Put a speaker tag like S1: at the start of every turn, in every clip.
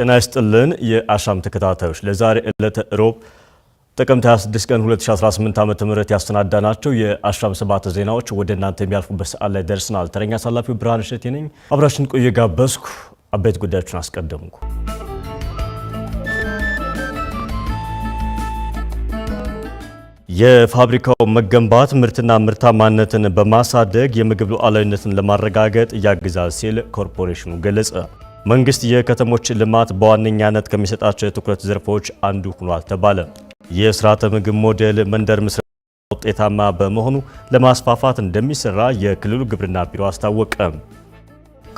S1: ጤና ይስጥልን የአሻም ተከታታዮች ለዛሬ ዕለተ ሮብ ጥቅምት 26 ቀን 2018 ዓ ም ያሰናዳናቸው የአሻም ሰባት ዜናዎች ወደ እናንተ የሚያልፉበት ሰዓት ላይ ደርስናል። ተረኛ አሳላፊው ብርሃን እሸቴ ነኝ። አብራችን ቆየ ጋበዝኩ። አበይት ጉዳዮችን አስቀደምኩ። የፋብሪካው መገንባት ምርትና ምርታማነትን በማሳደግ የምግብ ሉዓላዊነትን ለማረጋገጥ ያግዛል ሲል ኮርፖሬሽኑ ገለጸ። መንግስት የከተሞች ልማት በዋነኛነት ከሚሰጣቸው የትኩረት ዘርፎች አንዱ ሆኗል ተባለ። የስርዓተ ምግብ ሞዴል መንደር ምስረታ ውጤታማ በመሆኑ ለማስፋፋት እንደሚሰራ የክልሉ ግብርና ቢሮ አስታወቀ።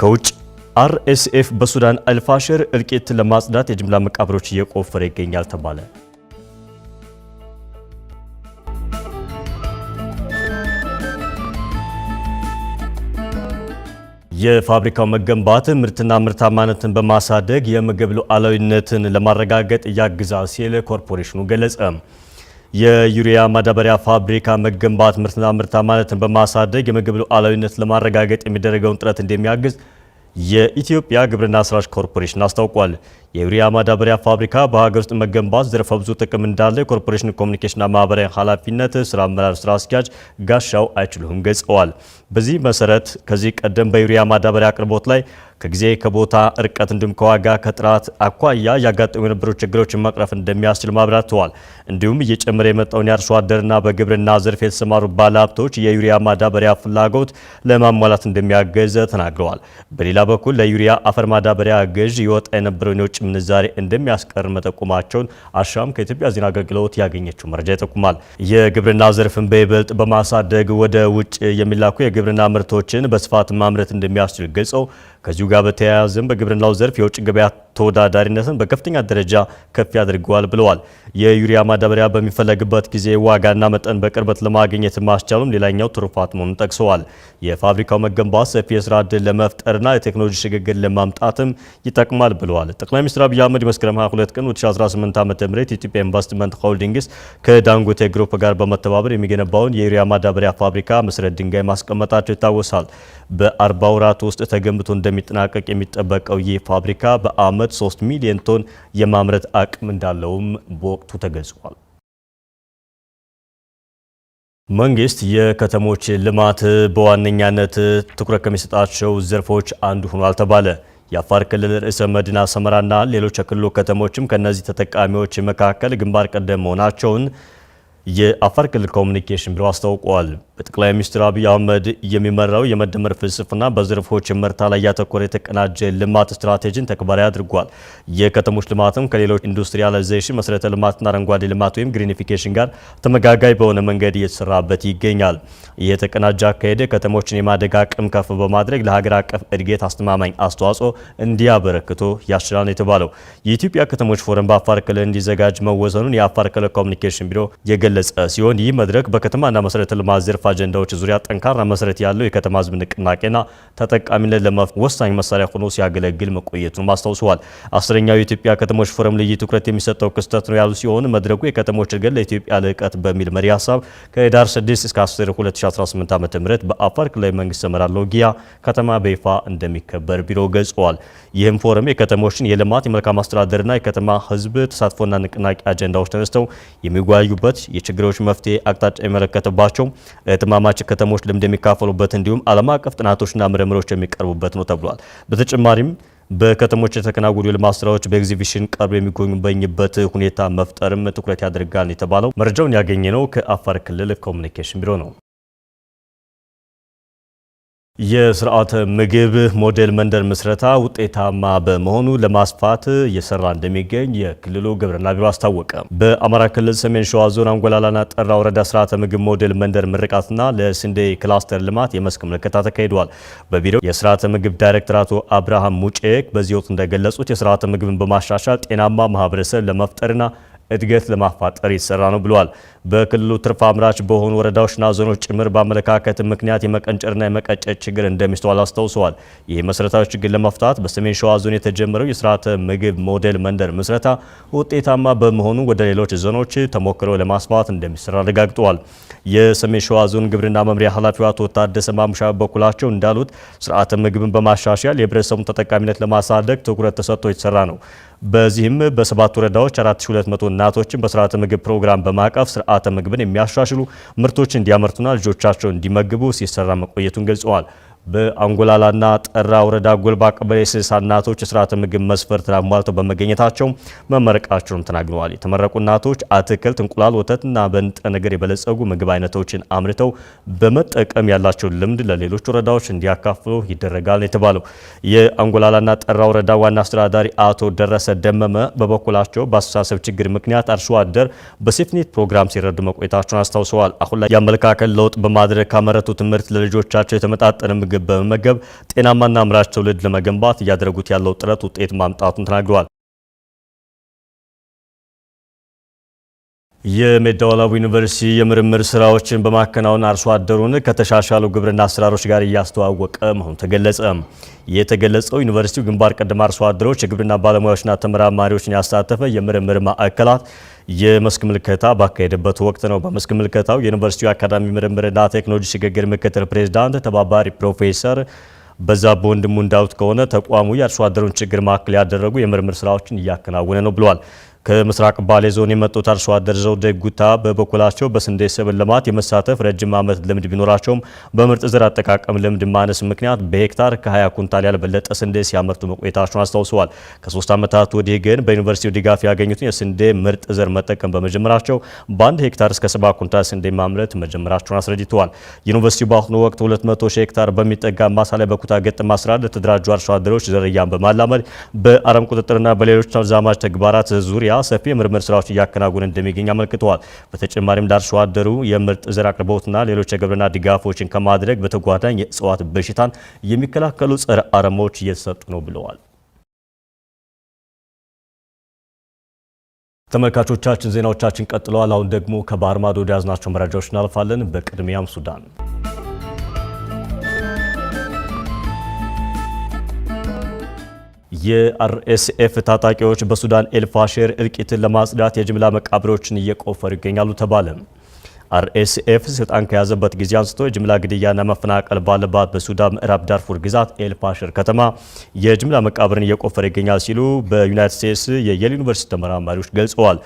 S1: ከውጭ አርኤስኤፍ በሱዳን አልፋሽር እልቂት ለማጽዳት የጅምላ መቃብሮች እየቆፈረ ይገኛል ተባለ። የፋብሪካው መገንባት ምርትና ምርታማነትን በማሳደግ የምግብ ሉዓላዊነትን ለማረጋገጥ ያግዛል ሲል ኮርፖሬሽኑ ገለጸ። የዩሪያ ማዳበሪያ ፋብሪካ መገንባት ምርትና ምርታማነትን በማሳደግ የምግብ ሉዓላዊነትን ለማረጋገጥ የሚደረገውን ጥረት እንደሚያግዝ የኢትዮጵያ ግብርና ስራዎች ኮርፖሬሽን አስታውቋል። የዩሪያ ማዳበሪያ ፋብሪካ በሀገር ውስጥ መገንባት ዘርፈ ብዙ ጥቅም እንዳለ የኮርፖሬሽን ኮሚኒኬሽንና ማህበራዊ ኃላፊነት ስራ አመራር ስራ አስኪያጅ ጋሻው አይችሉም ገልጸዋል። በዚህ መሰረት ከዚህ ቀደም በዩሪያ ማዳበሪያ አቅርቦት ላይ ከጊዜ ከቦታ እርቀት እንዲሁም ከዋጋ ከጥራት አኳያ ያጋጠሙ የነበሩ ችግሮችን መቅረፍ እንደሚያስችል ማብራርተዋል። እንዲሁም እየጨመረ የመጣውን የአርሶ አደርና በግብርና ዘርፍ የተሰማሩ ባለሀብቶች የዩሪያ ማዳበሪያ ፍላጎት ለማሟላት እንደሚያገዝ ተናግረዋል። በሌላ በኩል ለዩሪያ አፈር ማዳበሪያ ገዥ የወጣ የነበረውን የውጭ ምንዛሬ እንደሚያስቀር መጠቁማቸውን አሻም ከኢትዮጵያ ዜና አገልግሎት ያገኘችው መረጃ ይጠቁማል። የግብርና ዘርፍን በይበልጥ በማሳደግ ወደ ውጭ የሚላኩ የግብርና ምርቶችን በስፋት ማምረት እንደሚያስችል ገልጸው ከዚሁ ጋር በተያያዘም በግብርናው ዘርፍ የውጭ ገበያ ተወዳዳሪነትን በከፍተኛ ደረጃ ከፍ ያድርገዋል ብለዋል። የዩሪያ ማዳበሪያ በሚፈለግበት ጊዜ ዋጋና መጠን በቅርበት ለማግኘት ማስቻሉም ሌላኛው ትሩፋት መሆኑን ጠቅሰዋል። የፋብሪካው መገንባት ሰፊ የስራ እድል ለመፍጠርና የቴክኖሎጂ ሽግግር ለማምጣትም ይጠቅማል ብለዋል። ጠቅላይ ሚኒስትር አብይ አህመድ መስከረም 22 ቀን 2018 ዓ ም የኢትዮጵያ ኢንቨስትመንት ሆልዲንግስ ከዳንጎቴ ግሩፕ ጋር በመተባበር የሚገነባውን የዩሪያ ማዳበሪያ ፋብሪካ መሰረት ድንጋይ ማስቀመጣቸው ይታወሳል። ወራት ውስጥ ተገንብቶ እንደሚጠናቀቅ የሚጠበቀው ይህ ፋብሪካ በአመት 3 ሚሊዮን ቶን የማምረት አቅም እንዳለውም በወቅቱ ተገልጿል። መንግስት የከተሞች ልማት በዋነኛነት ትኩረት ከሚሰጣቸው ዘርፎች አንዱ ሆኗል ተባለ። የአፋር ክልል ርዕሰ መዲና ሰመራና ሌሎች የክልሉ ከተሞችም ከእነዚህ ተጠቃሚዎች መካከል ግንባር ቀደም መሆናቸውን የአፋር ክልል ኮሚኒኬሽን ቢሮ አስታውቋል። በጠቅላይ ሚኒስትር አብይ አህመድ የሚመራው የመደመር ፍልስፍና በዘርፎች ምርታ ላይ ያተኮረ የተቀናጀ ልማት ስትራቴጂን ተግባራዊ አድርጓል። የከተሞች ልማትም ከሌሎች ኢንዱስትሪያላይዜሽን፣ መሰረተ ልማትና አረንጓዴ ልማት ወይም ግሪኒፊኬሽን ጋር ተመጋጋይ በሆነ መንገድ እየተሰራበት ይገኛል። ይህ የተቀናጀ አካሄድ ከተሞችን የማደግ አቅም ከፍ በማድረግ ለሀገር አቀፍ እድገት አስተማማኝ አስተዋጽኦ እንዲያበረክቱ ያስችላል የተባለው የኢትዮጵያ ከተሞች ፎረም በአፋር ክልል እንዲዘጋጅ መወሰኑን የአፋር ክልል ኮሚኒኬሽን ቢሮ የገ የገለጸ ሲሆን ይህ መድረክ በከተማና መሰረተ ልማት ዘርፍ አጀንዳዎች ዙሪያ ጠንካራ መሰረት ያለው የከተማ ህዝብ ንቅናቄና ተጠቃሚነት ለመፍጠር ወሳኝ መሳሪያ ሆኖ ሲያገለግል መቆየቱን አስታውሰዋል። አስረኛው የኢትዮጵያ ከተሞች ፎረም ልዩ ትኩረት የሚሰጠው ክስተት ነው ያሉ ሲሆን መድረኩ የከተሞች እድገት ለኢትዮጵያ ልዕቀት በሚል መሪ ሀሳብ ከህዳር 6 እስከ 10 2018 ዓ ም በአፋር ክልላዊ መንግስት ሰመራ ጊያ ከተማ በይፋ እንደሚከበር ቢሮ ገልጸዋል። ይህም ፎረም የከተሞችን የልማት የመልካም አስተዳደርና የከተማ ህዝብ ተሳትፎና ንቅናቄ አጀንዳዎች ተነስተው የሚጓዩበት ችግሮች መፍትሄ አቅጣጫ የመለከተባቸው ተማማች ከተሞች ልምድ የሚካፈሉበት እንዲሁም ዓለም አቀፍ ጥናቶችና ምርምሮች የሚቀርቡበት ነው ተብሏል። በተጨማሪም በከተሞች የተከናወኑ የልማት ስራዎች በኤግዚቢሽን ቀርቦ የሚጎበኝበት ሁኔታ መፍጠርም ትኩረት ያደርጋል የተባለው መረጃውን ያገኘ ነው ከአፋር ክልል ኮሚኒኬሽን ቢሮ ነው። የስርዓተ ምግብ ሞዴል መንደር ምስረታ ውጤታማ በመሆኑ ለማስፋት እየሰራ እንደሚገኝ የክልሉ ግብርና ቢሮ አስታወቀ። በአማራ ክልል ሰሜን ሸዋ ዞን አንጎላላና ጠራ ወረዳ ስርዓተ ምግብ ሞዴል መንደር ምርቃትና ለስንዴ ክላስተር ልማት የመስክ ምልከታ ተካሂደዋል። በቢሮው የስርዓተ ምግብ ዳይሬክተር አቶ አብርሃም ሙጬክ በዚህ ወቅት እንደገለጹት የስርዓተ ምግብን በማሻሻል ጤናማ ማህበረሰብ ለመፍጠርና እድገት ለማፋጠር የተሰራ ነው ብለዋል። በክልሉ ትርፍ አምራች በሆኑ ወረዳዎችና ዞኖች ጭምር በአመለካከት ምክንያት የመቀንጨርና የመቀጨት ችግር እንደሚስተዋል አስታውሰዋል። ይህ መሰረታዊ ችግር ለመፍታት በሰሜን ሸዋ ዞን የተጀመረው የስርዓተ ምግብ ሞዴል መንደር ምስረታ ውጤታማ በመሆኑ ወደ ሌሎች ዞኖች ተሞክሮ ለማስፋት እንደሚሰራ አረጋግጠዋል። የሰሜን ሸዋ ዞን ግብርና መምሪያ ኃላፊው አቶ ታደሰ ማሙሻ በኩላቸው እንዳሉት ስርዓተ ምግብን በማሻሻል የህብረተሰቡን ተጠቃሚነት ለማሳደግ ትኩረት ተሰጥቶ የተሰራ ነው። በዚህም በሰባት ወረዳዎች 4200 እናቶችን በስርዓተ ምግብ ፕሮግራም በማቀፍ ስርዓተ ምግብን የሚያሻሽሉ ምርቶች እንዲያመርቱና ልጆቻቸውን እንዲመግቡ ሲሰራ መቆየቱን ገልጸዋል። በአንጎላላና ጠራ ወረዳ ጎልባ ቀበሌ ስልሳ እናቶች የስርዓተ ምግብ መስፈርት አሟልተው በመገኘታቸው መመረቃቸውም ተናግረዋል። የተመረቁ እናቶች አትክልት፣ እንቁላል፣ ወተትና በንጥረ ነገር የበለጸጉ ምግብ አይነቶችን አምርተው በመጠቀም ያላቸውን ልምድ ለሌሎች ወረዳዎች እንዲያካፍሉ ይደረጋል የተባለው የአንጎላላና ጠራ ወረዳ ዋና አስተዳዳሪ አቶ ደረሰ ደመመ በበኩላቸው በአስተሳሰብ ችግር ምክንያት አርሶ አደር በሴፍኔት ፕሮግራም ሲረዱ መቆየታቸውን አስታውሰዋል። አሁን ላይ የአመለካከት ለውጥ በማድረግ ካመረቱት ምርት ለልጆቻቸው የተመጣጠነ ምግብ ምግብ በመመገብ ጤናማና አምራች ትውልድ ለመገንባት እያደረጉት ያለው ጥረት ውጤት ማምጣቱን ተናግረዋል። የሜዳዋላቡ ዩኒቨርሲቲ የምርምር ስራዎችን በማከናወን አርሶ አደሩን ከተሻሻሉ ግብርና አሰራሮች ጋር እያስተዋወቀ መሆኑ ተገለጸ። የተገለጸው ዩኒቨርሲቲው ግንባር ቀደም አርሶ አደሮች፣ የግብርና ባለሙያዎችና ተመራማሪዎችን ያሳተፈ የምርምር ማዕከላት የመስክ ምልከታ ባካሄደበት ወቅት ነው። በመስክ ምልከታው የዩኒቨርሲቲው አካዳሚ ምርምርና ቴክኖሎጂ ሽግግር ምክትል ፕሬዚዳንት ተባባሪ ፕሮፌሰር በዛ ወንድሙ እንዳሉት ከሆነ ተቋሙ የአርሶ አደሩን ችግር ማዕከል ያደረጉ የምርምር ስራዎችን እያከናወነ ነው ብለዋል። ከምስራቅ ባሌ ዞን የመጡት አርሶ አደር ዘውዴ ጉታ በበኩላቸው በስንዴ ሰብል ልማት የመሳተፍ ረጅም ዓመት ልምድ ቢኖራቸውም በምርጥ ዘር አጠቃቀም ልምድ ማነስ ምክንያት በሄክታር ከ20 ኩንታል ያልበለጠ ስንዴ ሲያመርቱ መቆየታቸውን አስታውሰዋል። ከሶስት ዓመታት ወዲህ ግን በዩኒቨርሲቲው ድጋፍ ያገኙትን የስንዴ ምርጥ ዘር መጠቀም በመጀመራቸው በአንድ ሄክታር እስከ 70 ኩንታል ስንዴ ማምረት መጀመራቸውን አስረድተዋል። ዩኒቨርሲቲው በአሁኑ ወቅት 200 ሺህ ሄክታር በሚጠጋ ማሳ ላይ በኩታ ገጠማ ስራ ለተደራጁ አርሶ አደሮች ዘርያን በማላመድ በአረም ቁጥጥርና በሌሎች ተዛማጅ ተግባራት ዙሪያ ዙሪያ ሰፊ የምርምር ስራዎች እያከናወነ እንደሚገኝ አመልክተዋል። በተጨማሪም ለአርሶ አደሩ የምርጥ ዘር አቅርቦትና ሌሎች የግብርና ድጋፎችን ከማድረግ በተጓዳኝ የእጽዋት በሽታን የሚከላከሉ ጸረ አረሞች እየተሰጡ ነው ብለዋል። ተመልካቾቻችን ዜናዎቻችን ቀጥለዋል። አሁን ደግሞ ከባህር ማዶ ወደ ያዝናቸው መረጃዎች እናልፋለን። በቅድሚያም ሱዳን የአርኤስኤፍ ታጣቂዎች በሱዳን ኤልፋሼር እልቂትን ለማጽዳት የጅምላ መቃብሮችን እየቆፈሩ ይገኛሉ ተባለ። አርኤስኤፍ ስልጣን ከያዘበት ጊዜ አንስቶ የጅምላ ግድያና መፈናቀል ባለባት በሱዳን ምዕራብ ዳርፉር ግዛት ኤልፋሽር ከተማ የጅምላ መቃብርን እየቆፈረ ይገኛል ሲሉ በዩናይትድ ስቴትስ የየል ዩኒቨርሲቲ ተመራማሪዎች ገልጸዋል።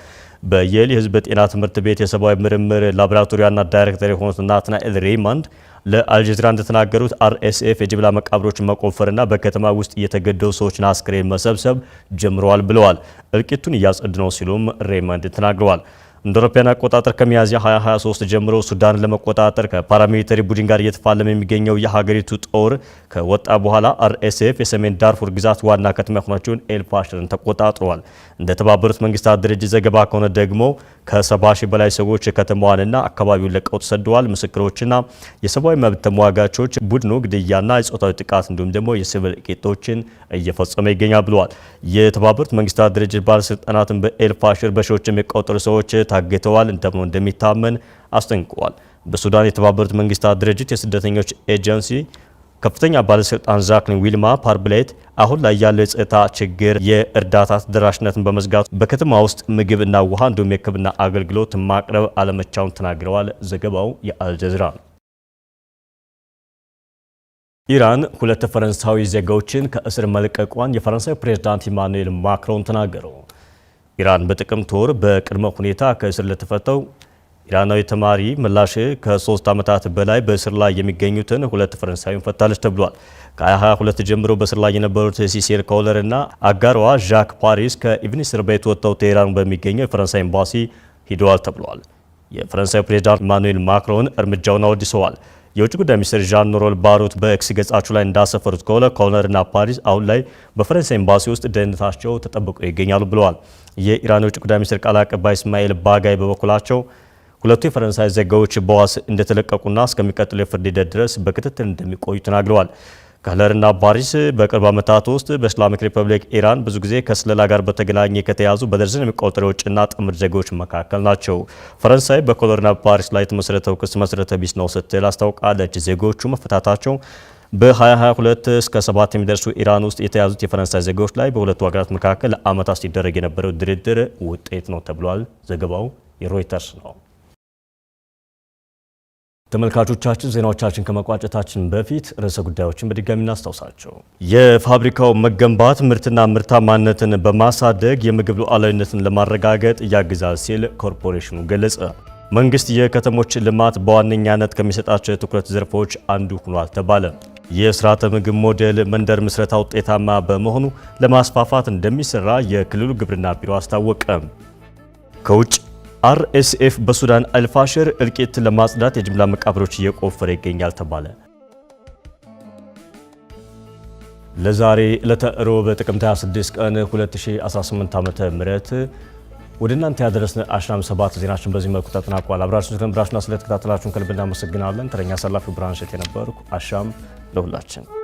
S1: በየሊ ህዝብ ጤና ትምህርት ቤት የሰብአዊ ምርምር ላቦራቶሪ ዋና ዳይሬክተር የሆኑት ናትናኤል ሬይማንድ ለአልጀዚራ እንደተናገሩት አርኤስኤፍ የጅምላ መቃብሮችን መቆፈርና በከተማ ውስጥ የተገደሉ ሰዎችን አስክሬን መሰብሰብ ጀምረዋል ብለዋል። እልቂቱን እያጸድነው ነው ሲሉም ሬይማንድ ተናግረዋል። እንደ አውሮፓውያን አቆጣጠር ከሚያዝያ 2023 ጀምሮ ሱዳንን ለመቆጣጠር ከፓራሚሊተሪ ቡድን ጋር እየተፋለመ የሚገኘው የሀገሪቱ ጦር ከወጣ በኋላ አርኤስኤፍ የሰሜን ዳርፉር ግዛት ዋና ከተማ የሆነችውን ኤልፋሽርን ተቆጣጥሯል። እንደ ተባበሩት መንግስታት ድርጅት ዘገባ ከሆነ ደግሞ ከሰባ ሺህ በላይ ሰዎች ከተማዋንና አካባቢውን ለቀው ተሰደዋል። ምስክሮችና የሰብአዊ መብት ተሟጋቾች ቡድኑ ግድያና የጾታዊ ጥቃት እንዲሁም ደግሞ የሲቪል ቄጦችን እየፈጸመ ይገኛል ብለዋል። የተባበሩት መንግስታት ድርጅት ባለስልጣናትን በኤልፋሽር በሺዎች የሚቆጠሩ ሰዎች ታግተዋል ተብሎ እንደሚታመን አስጠንቅቋል። በሱዳን የተባበሩት መንግስታት ድርጅት የስደተኞች ኤጀንሲ ከፍተኛ ባለስልጣን ዛክሊን ዊልማ ፓርብሌት አሁን ላይ ያለው የጸጥታ ችግር የእርዳታ ተደራሽነትን በመዝጋቱ በከተማ ውስጥ ምግብ እና ውሃ እንዲሁም የሕክምና አገልግሎት ማቅረብ አለመቻውን ተናግረዋል። ዘገባው የአልጀዚራ ነው። ኢራን ሁለት ፈረንሳዊ ዜጋዎችን ከእስር መልቀቋን የፈረንሳዊ ፕሬዝዳንት ኢማኑኤል ማክሮን ተናገሩ። ኢራን በጥቅምት ወር በቅድመ ሁኔታ ከእስር ለተፈተው ኢራናዊ ተማሪ ምላሽ ከሶስት ዓመታት በላይ በእስር ላይ የሚገኙትን ሁለት ፈረንሳዊን ፈታለች ተብሏል። ከ22 ጀምሮ በእስር ላይ የነበሩት ሲሴል ኮለር እና አጋሯ ዣክ ፓሪስ ከኢቭኒ እስር ቤት ወጥተው ቴሄራን በሚገኘው የፈረንሳይ ኤምባሲ ሂደዋል ተብሏል። የፈረንሳዩ ፕሬዚዳንት ኢማኑኤል ማክሮን እርምጃውን አወድሰዋል። የውጭ ጉዳይ ሚኒስትር ዣን ኖሮል ባሮት በኤክስ ገጻቸው ላይ እንዳሰፈሩት ከሆነ ኮርነርና ፓሪስ አሁን ላይ በፈረንሳይ ኤምባሲ ውስጥ ደህንነታቸው ተጠብቆ ይገኛሉ ብለዋል። የኢራን የውጭ ጉዳይ ሚኒስትር ቃል አቀባይ እስማኤል ባጋይ በበኩላቸው ሁለቱ የፈረንሳይ ዜጋዎች በዋስ እንደተለቀቁና እስከሚቀጥለው የፍርድ ሂደት ድረስ በክትትል እንደሚቆዩ ተናግረዋል። ከለርና ባሪስ በቅርብ ዓመታት ውስጥ በእስላሚክ ሪፐብሊክ ኢራን ብዙ ጊዜ ከስለላ ጋር በተገናኘ ከተያዙ በደርዘን የሚቆጠሩ የውጭና ጥምር ዜጎች መካከል ናቸው። ፈረንሳይ በኮሎርና ፓሪስ ላይ የተመሰረተው ክስ መሰረተ ቢስ ነው ስትል አስታውቃለች። ዜጎቹ መፈታታቸው በ2022 እስከ 7 የሚደርሱ ኢራን ውስጥ የተያዙት የፈረንሳይ ዜጎች ላይ በሁለቱ ሀገራት መካከል ለአመታት ሲደረግ የነበረው ድርድር ውጤት ነው ተብሏል። ዘገባው የሮይተርስ ነው። ተመልካቾቻችን ዜናዎቻችን ከመቋጨታችን በፊት ርዕሰ ጉዳዮችን በድጋሚ እናስታውሳቸው። የፋብሪካው መገንባት ምርትና ምርታማነትን በማሳደግ የምግብ ሉዓላዊነትን ለማረጋገጥ ያግዛል ሲል ኮርፖሬሽኑ ገለጸ። መንግስት የከተሞች ልማት በዋነኛነት ከሚሰጣቸው የትኩረት ዘርፎች አንዱ ሆኗል ተባለ። የስርዓተ ምግብ ሞዴል መንደር ምስረታ ውጤታማ በመሆኑ ለማስፋፋት እንደሚሰራ የክልሉ ግብርና ቢሮ አስታወቀ። ከውጭ አርኤስኤፍ በሱዳን አልፋሽር እልቂት ለማጽዳት የጅምላ መቃብሮች እየቆፈረ ይገኛል ተባለ። ለዛሬ ዕለተ ሮብ ጥቅምት 26 ቀን 2018 ዓ ም ወደ እናንተ ያደረስን 17 ዜናችን በዚህ መልኩ ተጠናቋል። አብራችሁ ስለነበራችሁና ስለተከታተላችሁን ከልብ እናመሰግናለን። ተረኛ ሰላፊው ብርሃን ሸት የነበርኩ አሻም ለሁላችን